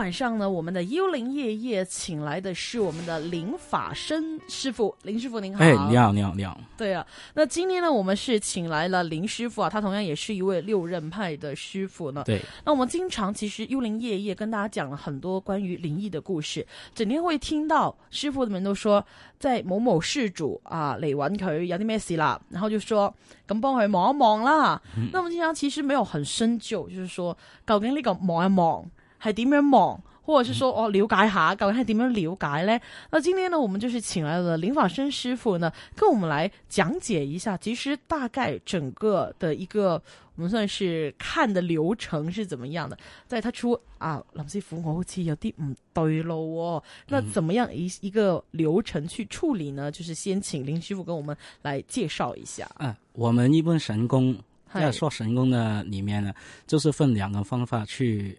晚上呢，我們的幽靈夜夜請來的是我們的林法生師傅，林師傅您好，哎，你好，你好，你好。對啊，那今天呢，我們是請來了林師傅啊，他同樣也是一位六壬派的師傅呢。對，那我們經常其實幽靈夜夜跟大家講了很多關於靈異的故事，整天會聽到師傅們都說，在某某事主啊嚟揾佢有啲咩事啦，然後就說咁幫佢望一、啊、望啦。嗯、那我們經常其實沒有很深究，就是說究竟呢個望一、啊、望。係點樣望，或者是說，嗯、哦，了解下究竟係點樣了解呢？那今天呢，我們就是請來了林法生師傅呢，跟我們來講解一下，其實大概整個的一個，我們算是看的流程是怎麼樣的。在他出啊，林師傅，我好似有啲唔對路，哦，那怎麼樣一、嗯、一個流程去處理呢？就是先請林師傅跟我們來介紹一下。誒、啊，我們一般神功，在說神功的裏面呢，嘿就是分兩個方法去。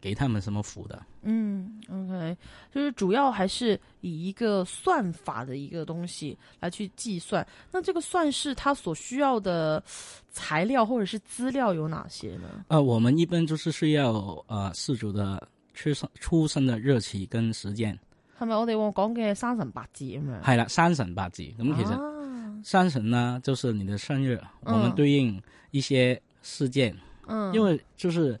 給他們什麼福的？嗯，OK，就是主要還是以一個算法的一個東西來去計算。那這個算式它所需要的材料或者是資料有哪些呢？啊、呃，我們一般就是需要呃事主的出生出生的日期跟時間。係咪我哋我講嘅三神八字啊？嘛，係啦，三神八字。咁其實，啊、三神呢，就是你的生日，我們對應一些事件。嗯，因為就是。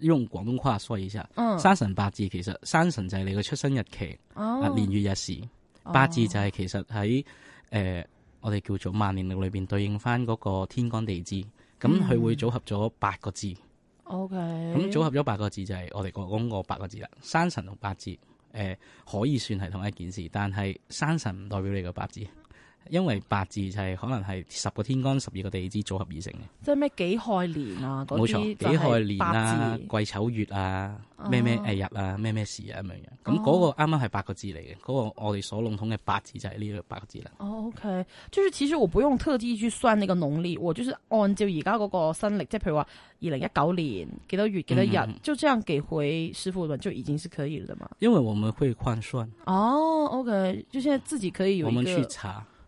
用廣東話説一下，生辰八字其實生辰就係你個出生日期，哦、年月日時，八字就係其實喺誒、呃、我哋叫做萬年歷裏邊對應翻嗰個天干地支，咁佢會組合咗八個字。O K. 咁組合咗八個字就係我哋講嗰八個字啦。生辰同八字誒、呃、可以算係同一件事，但係生辰唔代表你個八字。因為八字就係可能係十個天干十二個地支組合而成嘅，即係咩己亥年啊，嗰啲冇錯，己亥年啊，癸丑月啊，咩咩誒日啊，咩咩時啊咁、哦、樣樣。咁、嗯、嗰、哦、個啱啱係八個字嚟嘅，嗰、那個我哋所籠統嘅八字就係呢個八個字啦。哦、o、okay, K，就是其實我不用特地去算那個農曆，我就是按照而家嗰個新曆，即係譬如話二零一九年幾多月幾多日，嗯、就這樣記回師傅就已經是可以啦嘛。因為我們會換算。哦，O、okay, K，就現在自己可以用。我們去查。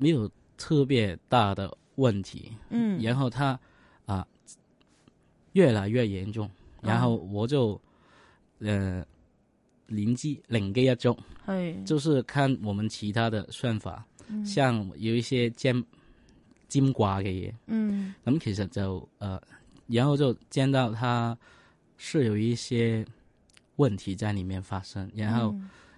沒有特別大的問題，嗯，然後他，啊，越來越嚴重，然後我就，嗯、呃，鄰居領給一種，是就是看我們其他的算法，嗯、像有一些尖尖瓜嘅嘢，嗯，咁、嗯、其實就呃，然後就見到他是有一些問題在裏面發生，然後。嗯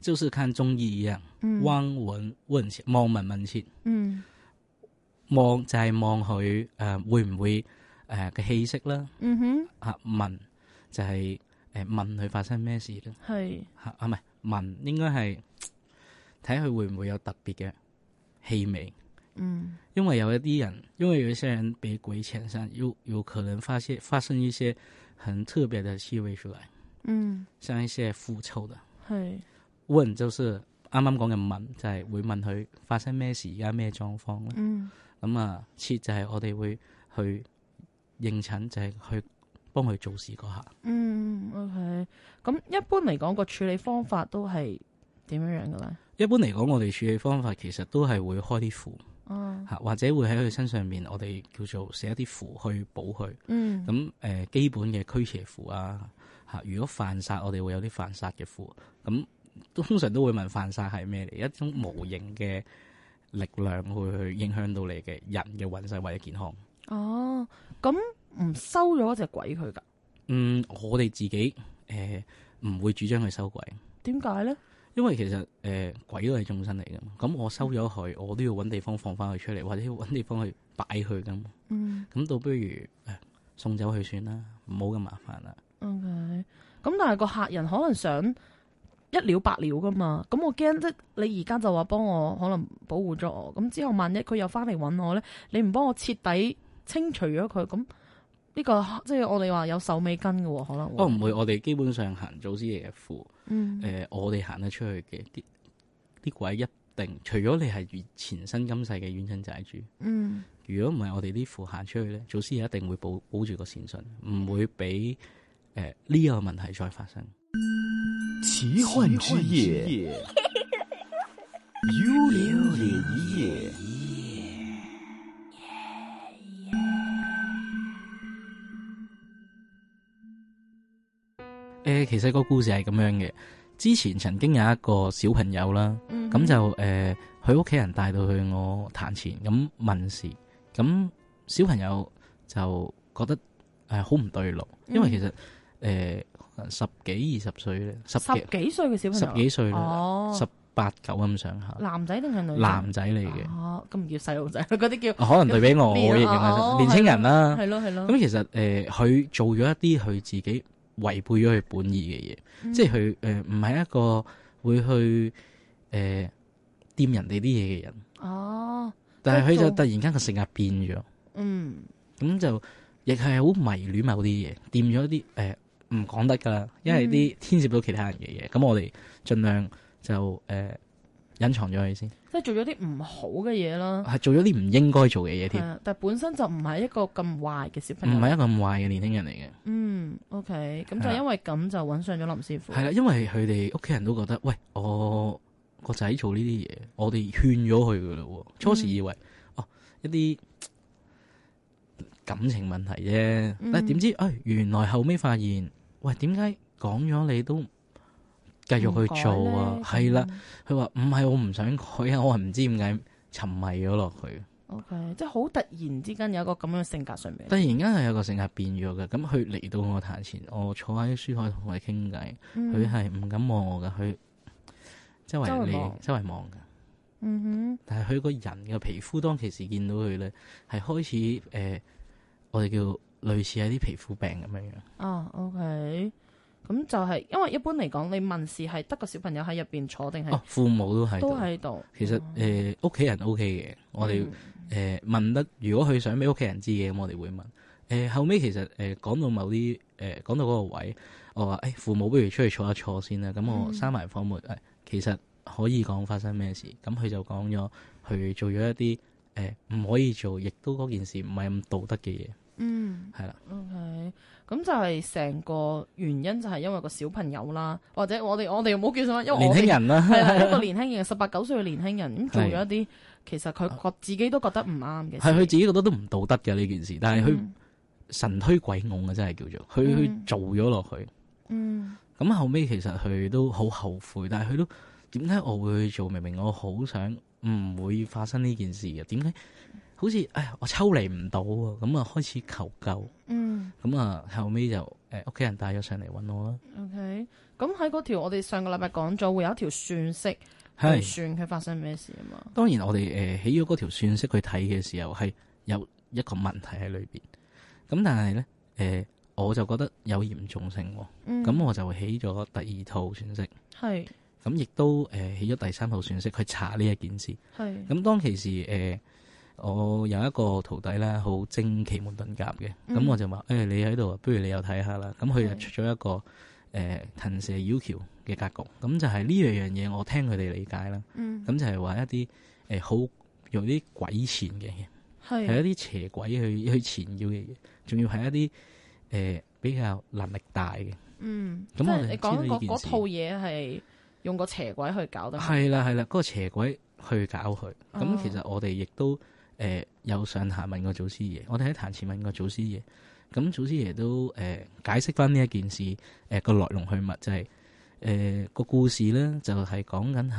就是看中醫一樣，望聞問切，望聞問切，望、嗯、就係望佢誒會唔會誒嘅氣息啦。嗯哼，吓聞、啊、就係、是、誒、呃、問佢發生咩事咯。係吓是啊，唔係聞應該係睇佢會唔會有特別嘅氣味。嗯，因為有一啲人，因為有一些人俾鬼纏身，有有可能發生發生一些很特別嘅氣味出嚟，嗯，像一些腐臭的，係。One 就是啱啱講嘅問，就係、是、會問佢發生咩事，而家咩狀況咧？咁啊、嗯，次、嗯、就係我哋會去認診，就係、是、去幫佢做事嗰下。嗯，OK。咁一般嚟講，個處理方法都係點樣樣嘅咧？一般嚟講，我哋處理方法其實都係會開啲符，嚇、嗯、或者會喺佢身上面，我哋叫做寫啲符去補佢。嗯。咁誒、嗯，基本嘅驅邪符啊，嚇！如果犯煞，我哋會有啲犯煞嘅符。咁、嗯通常都會問犯煞係咩嚟？一種無形嘅力量會去影響到你嘅人嘅運勢或者健康哦。咁唔收咗一隻鬼佢噶？嗯，我哋自己誒唔、呃、會主張去收鬼，點解咧？因為其實誒、呃、鬼都係眾生嚟噶嘛。咁我收咗佢，我都要揾地方放翻佢出嚟，或者要揾地方去擺佢噶。嗯，咁倒不如誒、呃、送走佢算啦，唔好咁麻煩啦。OK，咁但係個客人可能想。一了百了噶嘛？咁我驚即你而家就話幫我，可能保護咗我。咁之後萬一佢又翻嚟搵我咧，你唔幫我徹底清除咗佢，咁呢、呢個即係我哋話有手尾根嘅，可能會。哦，唔會，我哋基本上行祖師爺嘅符，誒、嗯呃，我哋行得出去嘅，啲啲鬼一定除咗你係前生今世嘅冤親債主。嗯，如果唔係我哋啲符行出去咧，祖師爺一定會保保住個善信，唔會俾誒呢個問題再發生。奇幻之夜， 幽靈夜。誒， 其實個故事係咁樣嘅。之前曾經有一個小朋友啦，咁、嗯、哼就誒，佢屋企人帶到去我壇前咁問事，咁小朋友就覺得誒好唔對路，因為其實誒。呃十幾二十歲咧，十十幾歲嘅小朋友，十幾歲啦，哦，十八九咁上下。男仔定係女仔？男仔嚟嘅。哦，咁唔叫細路仔，嗰啲叫。可能對比我好易，年輕人啦。係咯係咯。咁其實誒，佢做咗一啲佢自己違背咗佢本意嘅嘢，即係佢誒唔係一個會去誒掂人哋啲嘢嘅人。哦。但係佢就突然間個性格變咗。嗯。咁就亦係好迷戀某啲嘢，掂咗一啲誒。唔講得噶啦，因為啲牽涉到其他人嘅嘢，咁、嗯、我哋盡量就誒、呃、隱藏咗佢先。即係做咗啲唔好嘅嘢啦。係做咗啲唔應該做嘅嘢添。但係本身就唔係一個咁壞嘅小朋友。唔係一個咁壞嘅年輕人嚟嘅。嗯，OK，咁就因為咁的就搵上咗林師傅。係啦，因為佢哋屋企人都覺得，喂，我個仔做呢啲嘢，我哋勸咗佢噶啦，初時以為、嗯、哦一啲感情問題啫，嗯、但係點知、哎、原來後尾發現。喂，點解講咗你都繼續去做啊？係啦，佢話唔係我唔想改啊，我係唔知點解沉迷咗落去。OK，即係好突然之間有一個咁樣性格上面，突然間係有一個性格變咗嘅。咁佢嚟到我台前，我坐喺書台同佢傾偈，佢係唔敢望我嘅，佢周圍嚟周圍望嘅。嗯哼，但係佢個人嘅皮膚，當其時見到佢咧，係開始誒、呃，我哋叫。.類似係啲皮膚病咁樣樣啊。Oh, OK，咁就係、是、因為一般嚟講，你問事係得個小朋友喺入邊坐定係、哦、父母都喺都喺度。其實誒、屋企、嗯呃、人 OK 嘅。我哋誒、嗯呃、問得，如果佢想俾屋企人知嘅，咁我哋會問。誒、呃、後尾其實誒講、呃、到某啲誒講到嗰個位，我話誒、哎、父母不如出去坐一坐先啦。咁我閂埋房門誒，嗯、其實可以講發生咩事。咁佢就講咗佢做咗一啲誒唔可以做，亦都嗰件事唔係咁道德嘅嘢。嗯，係啦了。OK，咁就係成個原因就係因為個小朋友啦，或者我哋我哋冇叫做，因為我年輕人啦、啊，係了一個年輕人，十八九歲嘅年輕人咁做咗一啲，其實佢覺自己都覺得唔啱嘅。係佢自己覺得都唔道德嘅呢、嗯、件事，但係佢神推鬼拱嘅真係叫做，佢去、嗯、做咗落去。嗯，咁後尾其實佢都好後悔，但係佢都點解我會去做？明明我好想唔會發生呢件事嘅，點解？好似哎，我抽離唔到啊，咁啊開始求救。嗯，咁啊後尾就屋企人帶咗上嚟搵我啦。OK，咁喺嗰條我哋上個禮拜講咗會有一條算式去是算佢發生咩事啊嘛。當然我哋、呃、起咗嗰條算式去睇嘅時候係有一個問題喺裏面。咁但係咧、呃、我就覺得有嚴重性、啊。喎、嗯。咁我就起咗第二套算式。係是。咁亦都、呃、起咗第三套算式去查呢一件事。係是。咁當其時、呃我有一個徒弟咧，好精奇門遁甲嘅，咁我就話：誒、嗯哎，你喺度，不如你又睇下啦。咁佢就出咗一個誒是、呃、騰蛇妖嬌嘅格局，咁就係呢樣嘢。我聽佢哋理解啦，咁、嗯、就係話一啲誒、呃、好用啲鬼纏嘅嘢，係是一啲邪鬼去去纏繞嘅嘢，仲要係一啲誒、呃、比較能力大嘅。嗯，那我 即係是 你講講嗰套嘢係用個邪鬼去搞得。係啦，係啦，嗰、那個邪鬼去搞佢。咁其實我哋亦都。誒有、呃、上下問過祖師爺，我哋喺壇前問過祖師爺，咁祖師爺都、呃、解釋翻呢一件事，誒、呃、個來龍去脈就係、是、誒、呃、個故事咧，就係講緊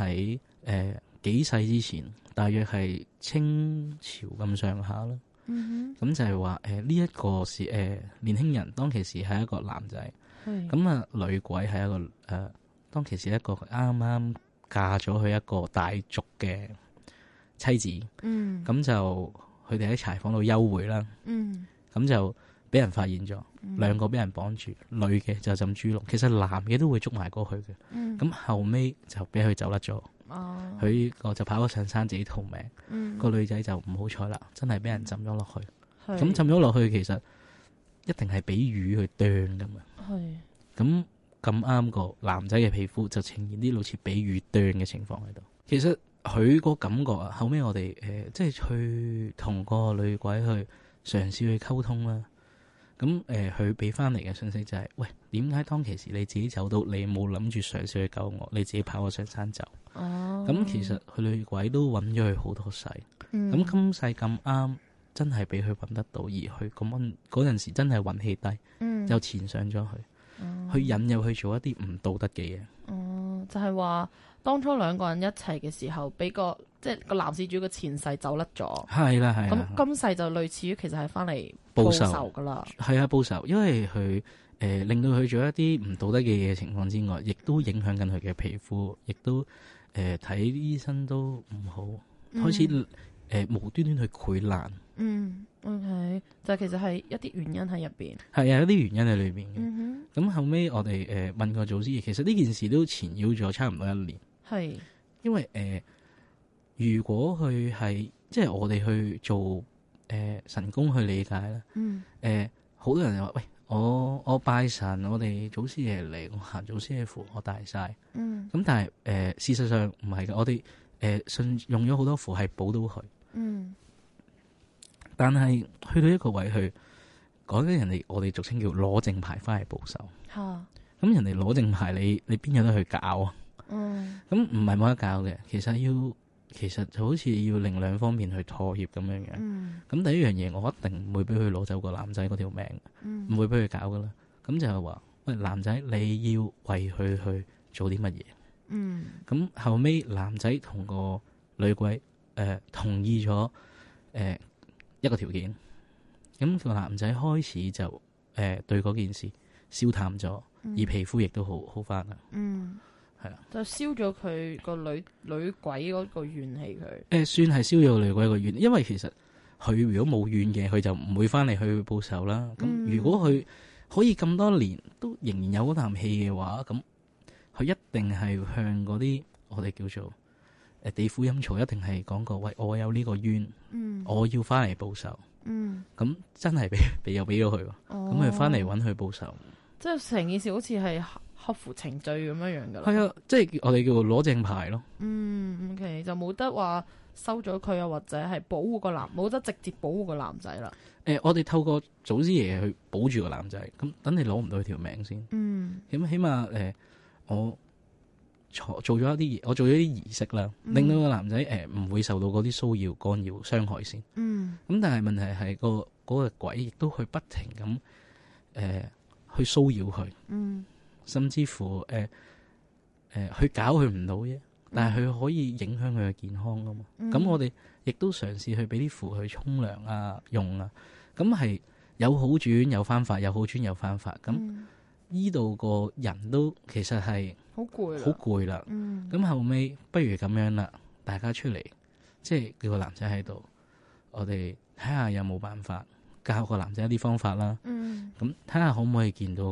喺幾世之前，大約係清朝咁上下啦。咁、嗯、哼就係話呢一個是、呃、年輕人，當其時係一個男仔，咁啊是、呃、女鬼係一個誒、呃，當其時一個啱啱嫁咗去一個大族嘅。妻子，咁、嗯、就佢哋喺柴房度幽會啦，咁、嗯、就俾人發現咗，兩、嗯、個俾人綁住，女嘅就浸豬籠，其實男嘅都會捉埋過去嘅，咁、嗯、後尾就俾佢走甩咗，佢、哦、就跑咗上山自己逃命，嗯、個女仔就唔好彩啦，真係俾人浸咗落去，咁、嗯、浸咗落去其實一定係俾魚去啄咁樣，咁咁啱個男仔嘅皮膚就呈現啲好似俾魚啄嘅情況喺度，其實。佢個感覺啊，後尾我哋、呃、即係去同個女鬼去嘗試去溝通啦。咁、呃、佢俾翻嚟嘅信息就係、是：喂，點解當其時你自己走到，你冇諗住嘗試去救我，你自己跑我上山走？哦。咁、嗯、其實佢女鬼都揾咗佢好多世，咁、嗯、今世咁啱，真係俾佢揾得到而去，咁嗰陣時真係運氣低，又、嗯、纏上咗佢，嗯、去引誘去做一啲唔道德嘅嘢。就係話，當初兩個人一齊嘅時候被，俾個即係個男事主嘅前世走甩咗。係啦，係。咁今世就類似於其實係翻嚟報仇噶啦。係啊，報仇，因為佢誒、呃、令到佢做一啲唔道德嘅嘢情況之外，亦都影響緊佢嘅皮膚，亦都誒睇、呃、醫生都唔好，開始誒、嗯呃、無端端去潰爛。嗯。O、okay, K，就其實係一啲原因喺入邊，係啊，一啲原因喺裏邊嘅。咁、嗯、哼後尾我哋誒、呃、問過祖師爺，其實呢件事都纏繞咗差唔多一年。係是，因為誒、呃，如果佢係即係我哋去做誒、呃、神功去理解咧，嗯，誒、呃，好多人就話喂，我我拜神，我哋祖師爺嚟，我行祖師爺符，我大晒。嗯，咁但係誒、呃，事實上唔係嘅，我哋誒，信、呃、用咗好多符係補到佢，嗯。但係去到一個位去，講緊人哋，我哋俗稱叫攞正牌翻嚟報仇。嚇！咁、啊、人哋攞正牌，你你邊有得去搞啊？嗯。咁唔係冇得搞嘅，其實要其實就好似要另兩方面去妥協咁樣嘅。嗯。咁第一樣嘢，我一定唔會俾佢攞走個男仔嗰條命。唔、嗯、會俾佢搞噶啦。咁就係話，喂，男仔你要為佢去做啲乜嘢？嗯。咁後尾，男仔同個女鬼誒、呃、同意咗誒。呃一個條件，咁、那個男仔開始就誒、呃、對嗰件事燒淡咗，嗯、而皮膚亦都好好翻啦。嗯，係啦的，就燒咗佢個女女鬼嗰個怨氣佢。誒、呃，算係燒咗女鬼個怨，因為其實佢如果冇怨嘅，佢、嗯、就唔會翻嚟去報仇啦。咁、嗯、如果佢可以咁多年都仍然有嗰啖氣嘅話，咁佢一定係向嗰啲我哋叫做。地府陰曹一定係講個喂，我有呢個冤，嗯、我要翻嚟報仇。咁、嗯、真係俾俾又俾咗佢，咁佢翻嚟揾佢報仇，即係成件事好似係合合乎程序咁樣樣噶。係啊、嗯，即、就、係、是、我哋叫攞正牌咯。嗯，OK，就冇得話收咗佢啊，或者係保護個男，冇得直接保護個男仔啦。誒、呃，我哋透過祖師爺去保住個男仔，咁等你攞唔到佢條命先。咁、嗯、起碼誒、呃，我。做咗一啲嘢，我做咗啲儀式啦，嗯、令到個男仔誒唔會受到嗰啲騷擾、干擾、傷害先。咁、嗯、但係問題係、個嗰、個、鬼亦都去不停咁誒、呃、去騷擾佢，嗯、甚至乎誒誒、呃呃、去搞佢唔到啫。但係佢可以影響佢嘅健康㗎嘛。咁、嗯、我哋亦都嘗試去俾啲符去沖涼啊、用啊。咁係有好轉，有方法；有好轉，有方法。咁。依度個人都其實係好攰啦，好攰啦。咁後尾不如咁樣啦，大家出嚟，即係個男仔喺度，我哋睇下有冇辦法教個男仔一啲方法啦。咁睇、嗯、下可唔可以見到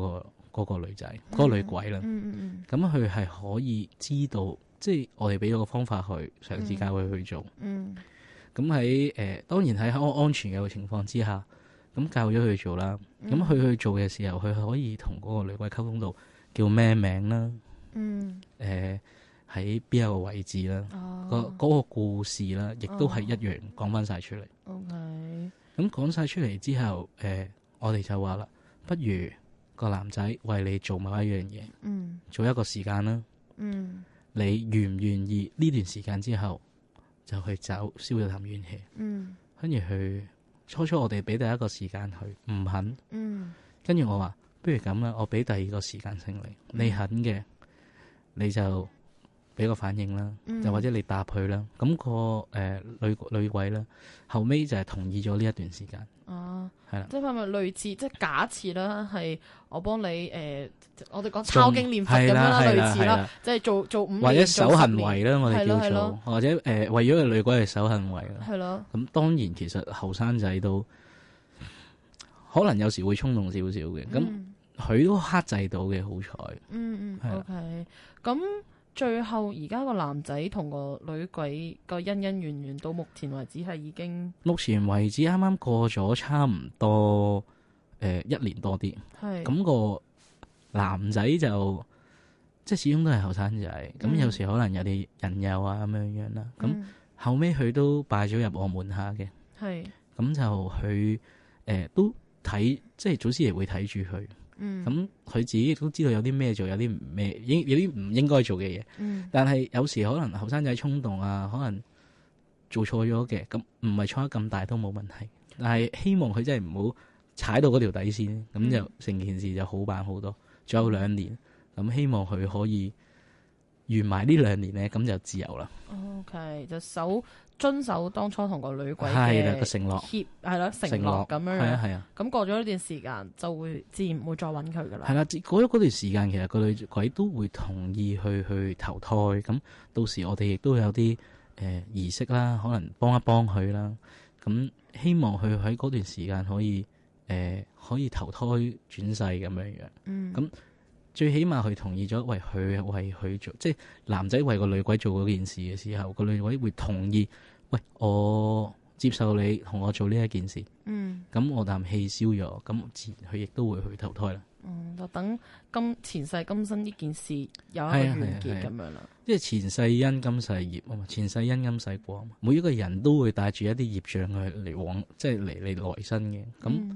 嗰個女仔，嗰、嗯、個女鬼啦。咁佢係可以知道，即係、嗯嗯、我哋俾咗個方法去嘗試教佢去做。咁喺誒，當然喺安安全嘅情況之下。咁教咗佢做啦，咁佢、嗯、去做嘅時候，佢可以同嗰個女鬼溝通到叫咩名啦，嗯，誒喺邊一個位置啦，個嗰、哦、個故事啦，亦都係一樣講翻晒出嚟。O K，咁講晒出嚟之後，誒、呃，我哋就話啦，不如個男仔為你做某一樣嘢，嗯，做一個時間啦，嗯，你願唔願意呢段時間之後就去走，消咗啖怨氣，嗯，跟住佢。初初我哋畀第一個時間佢，唔肯。跟住、嗯、我話，不如咁啦，我畀第二個時間請你。你肯嘅你就。俾個反應啦，就或者你答佢啦，咁個誒女女鬼呢，後尾就係同意咗呢一段時間哦，係啦，即係咪類似即係假設啦，係我幫你誒，我哋講抄經念佛咁啦，類似啦，即係做做五年做五年守行為啦，我哋叫做或者誒，為咗個女鬼係守行為啦，係咯，咁當然其實後生仔都可能有時會衝動少少嘅，咁佢都克制到嘅，好彩，嗯嗯，OK，咁。最後而家個男仔同個女鬼個恩恩怨怨到目前為止係已經，目前為止啱啱過咗差唔多誒、呃、一年多啲，咁是個男仔就即係始終都係後生仔，咁、嗯、有時候可能有啲人友啊咁樣樣啦，咁、嗯、後尾佢都拜咗入我門下嘅，係咁是就佢誒、呃、都睇，即係祖師爺會睇住佢。嗯，咁佢自己亦都知道有啲咩做，有啲咩應有啲唔應該做嘅嘢。嗯，但係有時可能後生仔衝動啊，可能做錯咗嘅，咁唔係錯得咁大都冇問題。但係希望佢真係唔好踩到嗰條底線，咁就成件事就好辦好多。仲、嗯、有兩年，咁希望佢可以完埋呢兩年咧，咁就自由啦。OK，就手。遵守當初同個女鬼嘅承諾，協係咯承諾諾咁樣，係啊係啊。咁過咗呢段時間，就會自然會再揾佢噶啦。係啦，過咗段時間，其實個女鬼都會同意去去投胎。咁到時我哋亦都有啲誒儀式啦，可能幫一幫佢啦。咁希望佢喺嗰段時間可以誒、呃、可以投胎轉世咁樣樣。嗯。最起碼佢同意咗，喂，佢為佢做，即係男仔為個女鬼做嗰件事嘅時候，個女鬼會同意，喂，我接受你同我做呢一件事，嗯，咁我啖氣消咗，咁自然佢亦都會去投胎啦，嗯。就等今前世今生呢件事有一個完結咁樣啦。即係前世因今世業啊嘛，前世因今世過啊嘛，每一個人都會帶住一啲業障去嚟往，即係嚟嚟來生嘅咁。